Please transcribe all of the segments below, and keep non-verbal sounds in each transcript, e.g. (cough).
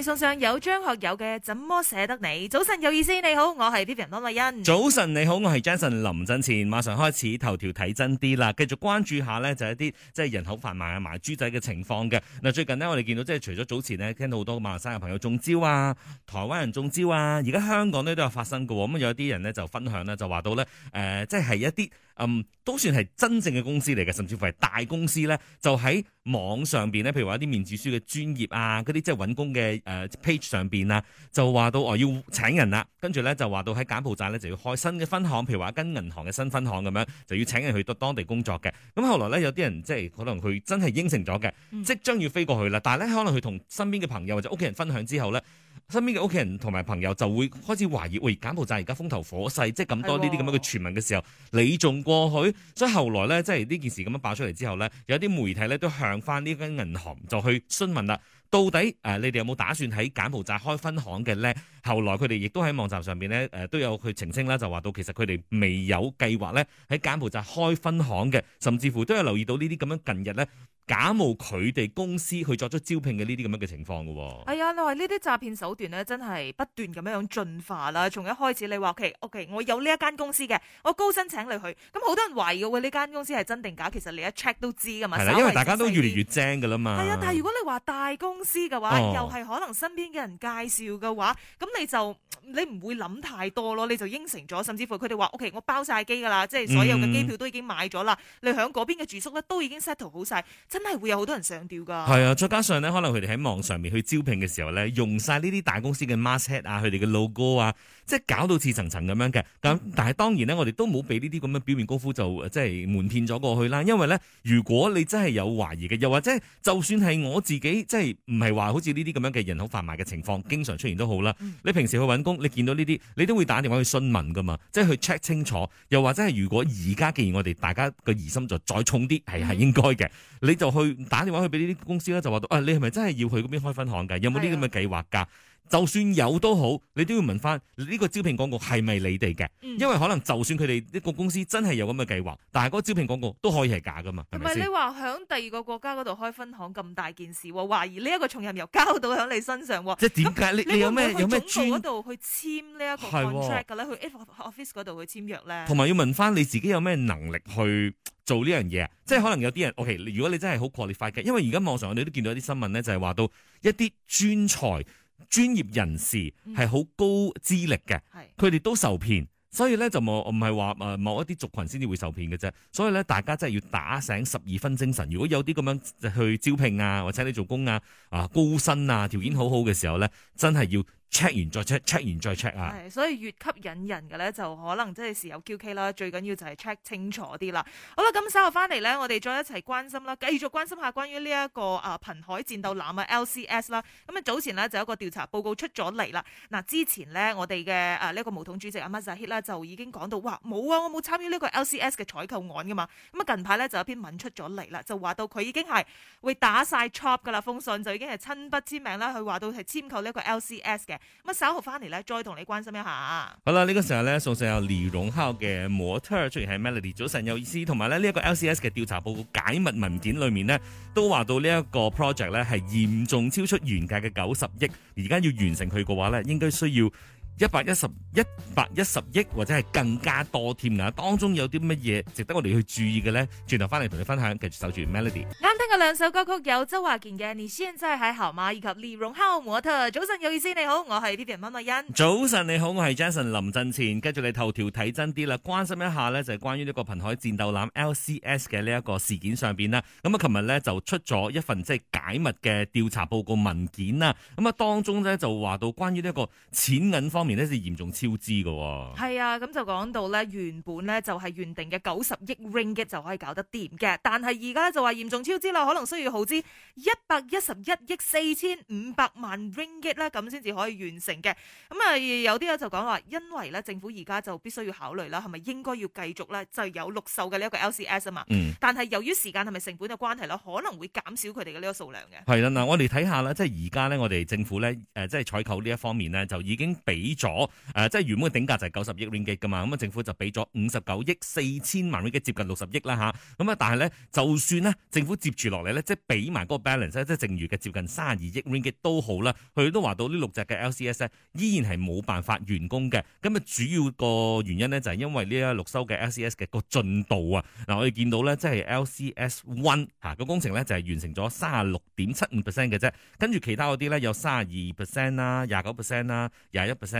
.送上有張學友嘅《怎麼捨得你》。早晨有意思，你好，我係 Peter 朗麗欣。早晨你好，我係 Jason 林振前。馬上開始頭條睇真啲啦，繼續關注一下呢，就係一啲即係人口販賣啊，賣豬仔嘅情況嘅。嗱，最近呢，我哋見到即係除咗早前呢，聽到好多馬來西亞朋友中招啊，台灣人中招啊，而家香港呢都有發生嘅。咁有啲人呢，就分享咧，就話到呢，誒、呃，即係一啲。嗯，都算係真正嘅公司嚟嘅，甚至乎係大公司咧，就喺網上邊咧，譬如話一啲面子書嘅專頁啊，嗰啲即係揾工嘅誒、呃、page 上邊啊，就話到我、哦、要請人啦、啊，跟住咧就話到喺柬埔寨咧就要開新嘅分行，譬如話跟銀行嘅新分行咁樣，就要請人去到當地工作嘅。咁後來咧有啲人即係可能佢真係應承咗嘅，即將要飛過去啦。但係咧可能佢同身邊嘅朋友或者屋企人分享之後咧。身邊嘅屋企人同埋朋友就會開始懷疑，喂，柬埔寨而家風頭火勢，即係咁多呢啲咁樣嘅傳聞嘅時候，哦、你仲過去，所以後來咧，即係呢件事咁樣爆出嚟之後咧，有啲媒體咧都向翻呢間銀行就去詢問啦，到底誒、呃、你哋有冇打算喺柬埔寨開分行嘅咧？後來佢哋亦都喺網站上邊咧誒都有去澄清啦，就話到其實佢哋未有計劃咧喺柬埔寨開分行嘅，甚至乎都有留意到呢啲咁樣近日咧。假冒佢哋公司去作出招聘嘅呢啲咁樣嘅情況嘅，係啊、哎呀，因為呢啲詐騙手段咧，真係不斷咁樣樣進化啦。從一開始你話，OK，OK，OK, OK, 我有呢一間公司嘅，我高薪請你去，咁好多人懷疑嘅呢間公司係真定假，其實你一 check 都知噶嘛。係啦，因為大家都越嚟越精噶啦嘛。係、嗯、啊，但係如果你話大公司嘅話，哦、又係可能身邊嘅人介紹嘅話，咁你就。你唔會諗太多咯，你就應承咗，甚至乎佢哋話：OK，我包曬機噶啦，即係所有嘅機票都已經買咗啦。嗯、你喺嗰邊嘅住宿咧都已經 settle 好晒，真係會有好多人上吊噶。係啊，再加上呢，可能佢哋喺網上面去招聘嘅時候呢，用晒呢啲大公司嘅 master 啊，佢哋嘅 logo 啊，即係搞到似層層咁樣嘅。咁但係當然呢，我哋都冇俾呢啲咁嘅表面功夫就即係瞞騙咗過去啦。因為呢，如果你真係有懷疑嘅，又或者就算係我自己，即係唔係話好似呢啲咁樣嘅人口販賣嘅情況經常出現都好啦。你平時去揾你見到呢啲，你都會打電話去詢問噶嘛，即係去 check 清楚，又或者係如果而家既然我哋大家個疑心就再重啲，係係應該嘅，你就去打電話去俾呢啲公司啦，就話到，啊，你係咪真係要去嗰邊開分行噶？有冇啲咁嘅計劃噶？就算有都好，你都要問翻呢個招聘廣告係咪你哋嘅、嗯？因為可能就算佢哋一個公司真係有咁嘅計劃，但係嗰個招聘廣告都可以係假噶嘛？唔係你話喺第二個國家嗰度開分行咁大件事喎，懷疑呢一個重任又交到喺你身上喎。即係點解你有咩有咩專嗰度去簽呢一個 contract 咧、哦？去、Aid、office 嗰度去簽約咧？同埋要問翻你自己有咩能力去做呢樣嘢？即係可能有啲人 OK，如果你真係好 qualify 嘅，因為而家網上我哋都見到一啲新聞咧，就係話到一啲專才。專業人士係好高資歷嘅，佢哋都受騙，所以咧就冇唔係話誒某一啲族群先至會受騙嘅啫。所以咧，大家真係要打醒十二分精神。如果有啲咁樣去招聘啊，或者你做工啊，啊高薪啊，條件好好嘅時候咧，真係要。check 完再 check，check 完再 check 啊！係，所以越吸引人嘅咧，就可能即係時有 QK 啦。最緊要就係 check 清楚啲啦。好啦，咁稍後翻嚟咧，我哋再一齊關心啦，繼續關心下關於呢一個啊瀕海戰鬥艦嘅 LCS 啦。咁、嗯、啊早前咧就有一個調查報告出咗嚟啦。嗱、啊，之前咧我哋嘅啊呢、這個巫統主席阿馬薩希啦就已經講到，哇冇啊，我冇參與呢個 LCS 嘅採購案噶嘛。咁、嗯、啊近排咧就有一篇文出咗嚟啦，就話到佢已經係會打晒 chop 噶啦，封信就已經係親筆簽名啦，佢話到係簽購呢一個 LCS 嘅。咁稍後翻嚟咧，再同你關心一下。好啦，呢、這個時候咧，送上有李榮浩嘅模特，出現係 Melody。早晨有意思，同埋咧呢一、這個 LCS 嘅調查報告解密文件裏面呢，都話到呢一個 project 咧係嚴重超出原價嘅九十億，而家要完成佢嘅話咧，應該需要。一百一十一百一十億或者係更加多添啊！當中有啲乜嘢值得我哋去注意嘅呢？轉頭翻嚟同你分享，繼續守住 melody。啱聽嘅兩首歌曲有周華健嘅《你現在還好嗎》，以及李榮浩《模特》早。早晨有意思，你好，我係 living 孖孖欣。早晨你好，我係 Jason 林振前。跟住你頭條睇真啲啦，關心一下呢，就係、是、關於呢個《瀕海戰鬥艦》LCS 嘅呢一個事件上邊啦。咁啊，琴日呢，就出咗一份即係解密嘅調查報告文件啦。咁啊，當中呢，就話到關於呢個錢銀方。方面咧是嚴重超支喎、哦。係啊，咁就講到咧原本咧就係原定嘅九十億 Ringgit 就可以搞得掂嘅，但係而家就話嚴重超支啦，可能需要耗資一百一十一億四千五百萬 Ringgit 咧，咁先至可以完成嘅。咁啊有啲咧就講話，因為咧政府而家就必須要考慮啦，係咪應該要繼續咧就有六艘嘅呢一個 LCS 啊嘛，嗯，但係由於時間同埋成本嘅關係啦，可能會減少佢哋嘅呢個數量嘅。係啦，嗱我哋睇下啦，即係而家咧我哋政府咧即係採購呢一方面咧，就已經俾咗，誒，即係原本嘅頂價就係九十億 ringgit 噶嘛，咁啊，政府就俾咗五十九億四千萬 ringgit，接近六十億啦嚇。咁啊，但係咧，就算咧，政府接住落嚟咧，即係俾埋嗰個 balance，即係剩餘嘅接近三十二億 ringgit 都好啦，佢都話到呢六隻嘅 LCS 咧，依然係冇辦法完工嘅。咁啊，主要個原因咧，就係因為呢一六艘嘅 LCS 嘅個進度啊。嗱，我哋見到咧，即係 LCS One 嚇個工程咧，就係完成咗三十六點七五 percent 嘅啫。跟住其他嗰啲咧，有三十二 percent 啦，廿九 percent 啦，廿一 percent。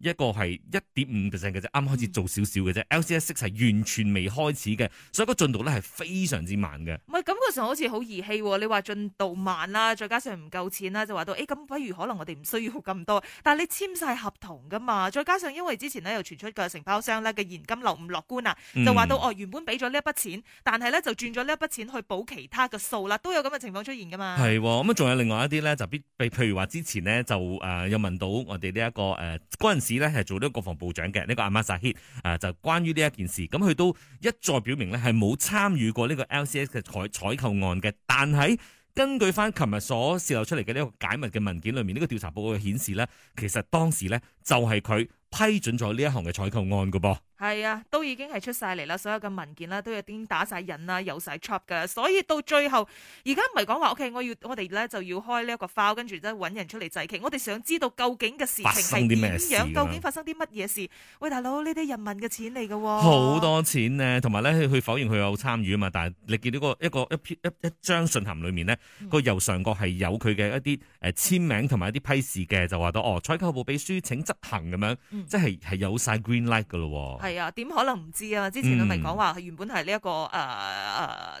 一個係一點五 percent 嘅啫，啱開始做少少嘅啫。嗯、LCS 息係完全未開始嘅，所以個進度咧係非常之慢嘅。唔係咁嗰時候好似好兒戲，你話進度慢啦，再加上唔夠錢啦，就話到誒，咁、欸、不如可能我哋唔需要咁多。但係你簽晒合同噶嘛，再加上因為之前呢又傳出個承包商咧嘅現金流唔樂觀啊，就話到、嗯、哦，原本俾咗呢一筆錢，但係咧就轉咗呢一筆錢去補其他嘅數啦，都有咁嘅情況出現噶嘛。係咁啊，仲有另外一啲咧就必譬如話之前呢，就誒又、呃、問到我哋呢一個誒陣、呃、時。咧係做呢個國防部長嘅呢個阿馬薩希，啊就關於呢一件事，咁佢都一再表明咧係冇參與過呢個 LCS 嘅採採購案嘅，但係根據翻琴日所泄露出嚟嘅呢個解密嘅文件裏面，呢、呢個調查報告嘅顯示咧，其實當時咧就係佢批准咗呢一行嘅採購案㗎噃。係啊，都已經係出晒嚟啦，所有嘅文件啦，都有啲打晒印啦，有晒 chop 嘅，所以到最後而家唔係講話，OK，我要我哋咧就要開呢一個 file，跟住即係揾人出嚟祭旗。我哋想知道究竟嘅事情係點樣發生什麼事、啊，究竟發生啲乜嘢事？喂，大佬，呢啲人民嘅錢嚟嘅喎，好多錢呢、啊。同埋咧佢否認佢有參與啊嘛。但係你見到個一個一 P 一,一張信函裏面咧，個、嗯、右上角係有佢嘅一啲誒簽名同埋一啲批示嘅，就話到哦，採購部備書請執行咁樣，即係係、嗯、有晒 green light 嘅咯。係啊，點可能唔知啊？之前我咪講話原本係呢一個誒誒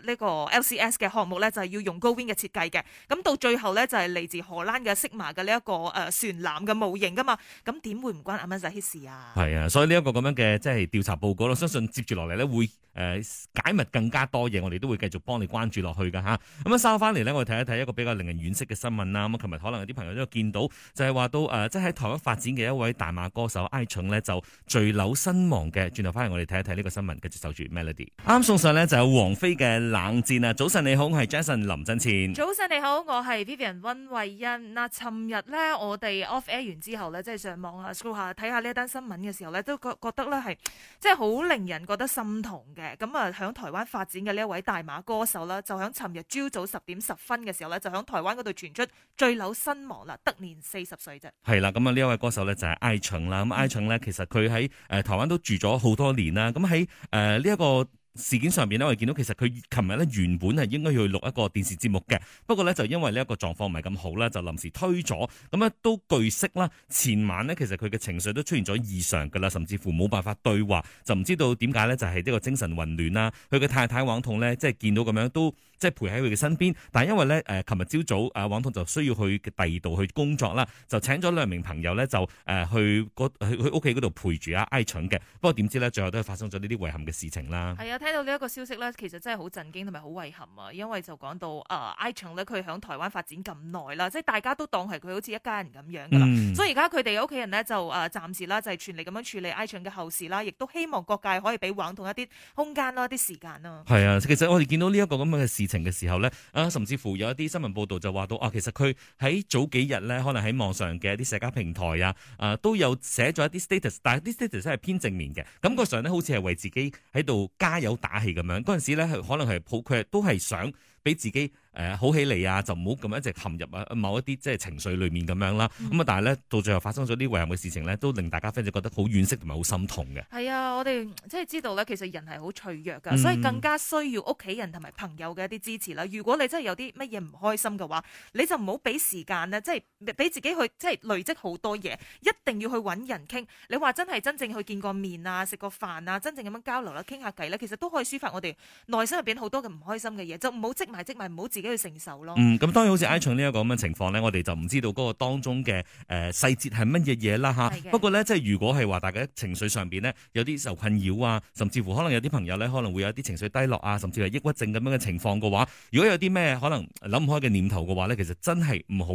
呢個 LCS 嘅項目咧，就係要用 Gowind 嘅設計嘅。咁到最後咧，就係嚟自荷蘭嘅色瑪嘅呢一個誒船艦嘅模型噶嘛。咁點會唔關阿曼薩希事啊？係、嗯、啊，所以呢一個咁樣嘅即係調查報告咯。相信接住落嚟咧會誒、呃、解密更加多嘢，我哋都會繼續幫你關注落去噶吓。咁樣稍翻嚟咧，我哋睇一睇一個比較令人惋惜嘅新聞啦。咁啊，琴日可能有啲朋友都見到就是說、呃，就係話到誒，即係喺台灣發展嘅一位大馬歌手艾成咧，就墜樓身亡嘅。轉頭翻嚟，我哋睇一睇呢個新聞，繼續守住 Melody。啱送上咧就有王菲嘅《冷戰》啊！早晨你好，我係 Jason 林振千。早晨你好，我係 Vivian 温慧欣。嗱，尋日咧我哋 Off Air 完之後咧，即係上網啊，scroll 下睇下呢一單新聞嘅時候咧，都覺覺得咧係即係好令人覺得心痛嘅。咁啊，響台灣發展嘅呢一位大馬歌手啦，就響尋日朝早十點十分嘅時候咧，就響台灣嗰度傳出墜樓身亡啦，得年四十歲啫。係啦，咁啊呢一位歌手咧就係艾晴啦。咁艾晴咧其實佢喺誒台灣都住咗。咗好多年啦，咁喺誒呢一個事件上邊呢，我哋見到其實佢琴日呢原本係應該要去錄一個電視節目嘅，不過呢，就因為呢一個狀況唔係咁好啦，就臨時推咗。咁咧都據悉啦，前晚呢，其實佢嘅情緒都出現咗異常噶啦，甚至乎冇辦法對話，就唔知道點解呢，就係呢個精神混亂啦。佢嘅太太黃統呢，即係見到咁樣都。即、就、係、是、陪喺佢嘅身邊，但係因為咧誒，琴日朝早誒，王、啊、彤就需要去第二度去工作啦，就請咗兩名朋友咧，就誒、呃、去去去屋企嗰度陪住阿艾綽嘅。不過點知咧，最後都係發生咗呢啲遺憾嘅事情啦。係啊，聽到呢一個消息咧，其實真係好震驚同埋好遺憾啊，因為就講到啊，艾綽咧佢響台灣發展咁耐啦，即係大家都當係佢好似一家人咁樣噶啦、嗯，所以而家佢哋屋企人咧就誒暫時啦，就係全力咁樣處理艾綽嘅後事啦，亦都希望各界可以俾王彤一啲空間一啲時間啦。係啊，其實我哋見到呢一個咁嘅事情嘅時候咧，啊，甚至乎有一啲新聞報導就話到，啊，其實佢喺早幾日咧，可能喺網上嘅一啲社交平台啊，啊，都有寫咗一啲 status，但係啲 status 係偏正面嘅，感覺上咧好似係為自己喺度加油打氣咁樣，嗰陣時咧係可能係抱佢都係想。俾自己誒好起嚟啊！就唔好咁一直陷入啊某一啲即係情緒裏面咁樣啦。咁、嗯、啊，但係咧到最後發生咗啲遺憾嘅事情咧，都令大家非常覺得好惋惜同埋好心痛嘅。係啊，我哋即係知道咧，其實人係好脆弱嘅，所以更加需要屋企人同埋朋友嘅一啲支持啦。如果你真係有啲乜嘢唔開心嘅話，你就唔好俾時間咧，即係俾自己去即係、就是、累積好多嘢，一定要去揾人傾。你話真係真正去見個面啊，食個飯啊，真正咁樣交流啦、啊，傾下偈咧，其實都可以抒發我哋內心入邊好多嘅唔開心嘅嘢，就唔好即。埋積埋唔好自己去承受咯。咁、嗯嗯嗯、當然好似 i c 呢一個咁嘅情況呢，我哋就唔知道嗰個當中嘅誒、呃、細節係乜嘢嘢啦嚇。不過呢，即係如果係話大家情緒上邊呢，有啲受困擾啊，甚至乎可能有啲朋友呢可能會有啲情緒低落啊，甚至係抑鬱症咁樣嘅情況嘅話，如果有啲咩可能諗唔開嘅念頭嘅話呢，其實真係唔好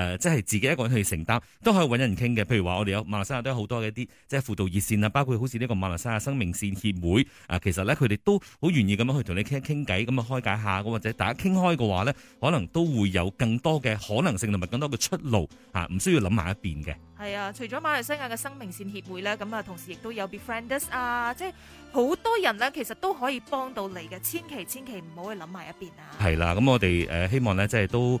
誒，即係自己一個人去承擔，都可以揾人傾嘅。譬如話我哋有馬來西亞都有好多一啲即係輔導熱線啊，包括好似呢個馬來西亞生命線協會啊，其實呢，佢哋都好願意咁樣去同你傾傾偈，咁啊開解下，或者。大家傾開嘅話呢，可能都會有更多嘅可能性同埋更多嘅出路嚇，唔需要諗埋一邊嘅。係啊，除咗馬來西亞嘅生命線協會咧，咁啊，同時亦都有 befrienders 啊，即係好多人咧，其實都可以幫到你嘅，千祈千祈唔好去諗埋一邊啊。係啦，咁我哋誒希望呢，即係都誒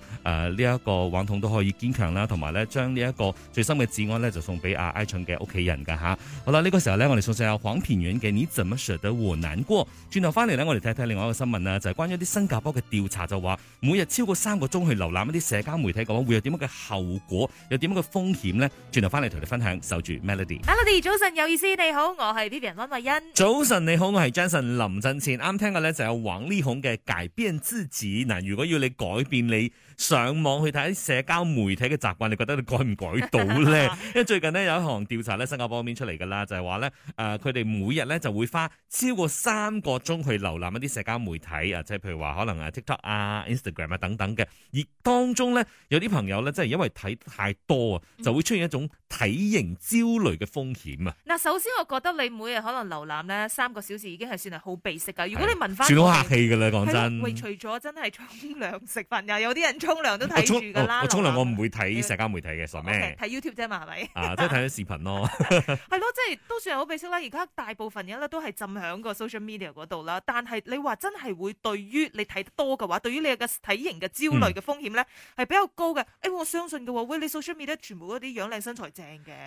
呢一個玩筒都可以堅強啦，同埋咧將呢一個最深嘅慈愛呢，就送俾阿艾暢嘅屋企人㗎嚇、啊。好啦，呢、這個時候呢，我哋送上下黃品源嘅《你怎麼捨得我難過》。轉頭翻嚟呢，我哋睇睇另外一個新聞啦，就係、是、關於啲新加坡嘅調查，就話每日超過三個鐘去瀏覽一啲社交媒體的話，講會有點樣嘅後果，有點樣嘅風險呢。轉頭翻嚟同你分享，守住 melody。melody 早晨有意思，你好，我係 Vivian 溫慧欣。早晨你好，我係 Jason 林振前。啱 (laughs) 聽嘅咧就有王力宏嘅改變自己。嗱，如果要你改變你。上網去睇啲社交媒體嘅習慣，你覺得你改唔改到呢？因為最近呢有一項調查咧新加坡嗰邊出嚟㗎啦，就係話咧誒，呃、佢哋每日咧就會花超過三個鐘去瀏覽一啲社交媒體啊，即係譬如話可能啊 TikTok 啊、Instagram 啊等等嘅，而當中呢，有啲朋友呢，真係因為睇太多啊，就會出現一種體型焦慮嘅風險啊！嗱，首先我覺得你每日可能瀏覽咧三個小時已經係算係好鼻息噶。如果你問翻，算好客氣噶啦，講真。喂，除咗真係沖涼食飯，又有啲人沖涼都睇住噶啦。我沖涼、哦、我唔會睇社交媒體嘅，索咩？睇、okay, YouTube 啫嘛，係啊，都睇啲視頻咯。係 (laughs) 咯， (laughs) (laughs) 即、就、係、是、都算係好鼻息啦。而家大部分人咧都係浸喺個 social media 嗰度啦。但係你話真係會對於你睇得多嘅話，對於你嘅體型嘅焦慮嘅風險咧係、嗯、比較高嘅。誒、哎，我相信嘅喎，喂，你 social media 全部嗰啲樣靚身材。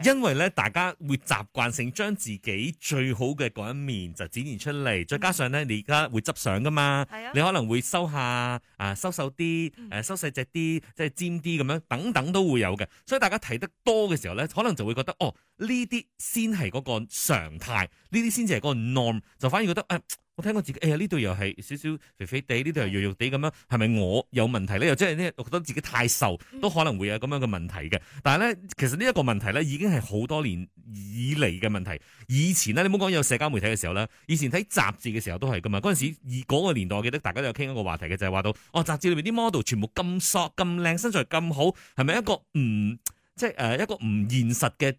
因為咧，大家會習慣性將自己最好嘅嗰一面就展現出嚟，再加上咧、嗯，你而家會執相噶嘛、嗯，你可能會收下啊，收瘦啲，誒、啊，收細隻啲，即、就、係、是、尖啲咁樣，等等都會有嘅。所以大家睇得多嘅時候咧，可能就會覺得哦，呢啲先係嗰個常態，呢啲先至係個 norm，就反而覺得、哎我聽過自己，哎呀呢度又係少少肥肥地，呢度又肉肉地咁樣，係咪我有問題咧？又即係咧，我覺得自己太瘦，都可能會有咁樣嘅問題嘅。但係咧，其實呢一個問題咧，已經係好多年以嚟嘅問題。以前咧，你冇講有社交媒體嘅時候咧，以前睇雜誌嘅時候都係噶嘛。嗰陣時，嗰個年代我記得大家都有傾一個話題嘅，就係話到，哦，雜誌裏邊啲 model 全部咁索、咁靚，身材咁好，係咪一個唔即係誒一個唔現實嘅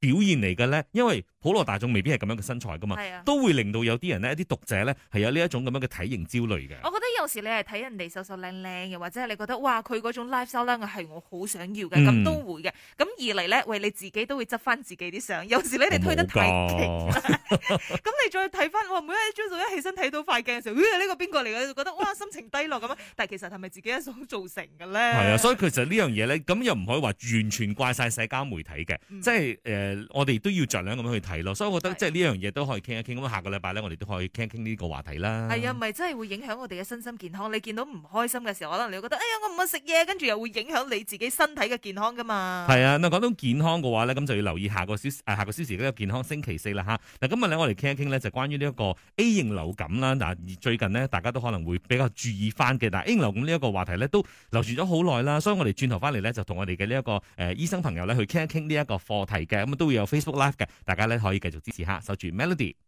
表現嚟嘅咧？因為普羅大眾未必係咁樣嘅身材噶嘛，啊、都會令到有啲人呢，一啲讀者咧，係有呢一種咁樣嘅體型焦慮嘅。我覺得有時你係睇人哋瘦瘦靚靚嘅，或者你覺得哇，佢嗰種 lifestyle 係我好想要嘅，咁都會嘅。咁二嚟咧，喂你自己都會執翻自己啲相，有時你哋推得太勁，咁你再睇翻哇，每一朝早一起身睇到塊鏡嘅時候，呢個邊個嚟嘅，就覺得哇，心情低落咁啊！但係其實係咪自己一手造成嘅咧？係啊，所以其實呢樣嘢咧，咁又唔可以話完全怪晒社交媒體嘅，即係誒，我哋都要盡量咁樣去。係咯，所以我覺得即係呢一樣嘢都可以傾一傾。咁下個禮拜咧，我哋都可以傾一傾呢個話題啦。係啊，咪真係會影響我哋嘅身心健康。你見到唔開心嘅時候，可能你會覺得，哎呀，我唔好食嘢，跟住又會影響你自己身體嘅健康噶嘛。係啊，嗱，講到健康嘅話咧，咁就要留意下個小下個小時嗰、啊、個時健康星期四啦嚇。嗱，今日咧我哋傾一傾咧就關於呢一個 A 型流感啦。嗱，而最近呢，大家都可能會比較注意翻嘅，但係 A 型流感呢一個話題咧都留住咗好耐啦。所以我哋轉頭翻嚟咧就同我哋嘅呢一個誒醫生朋友咧去傾一傾呢一個課題嘅，咁都會有 Facebook Live 嘅，大家咧。可以繼續支持下，守住 Melody。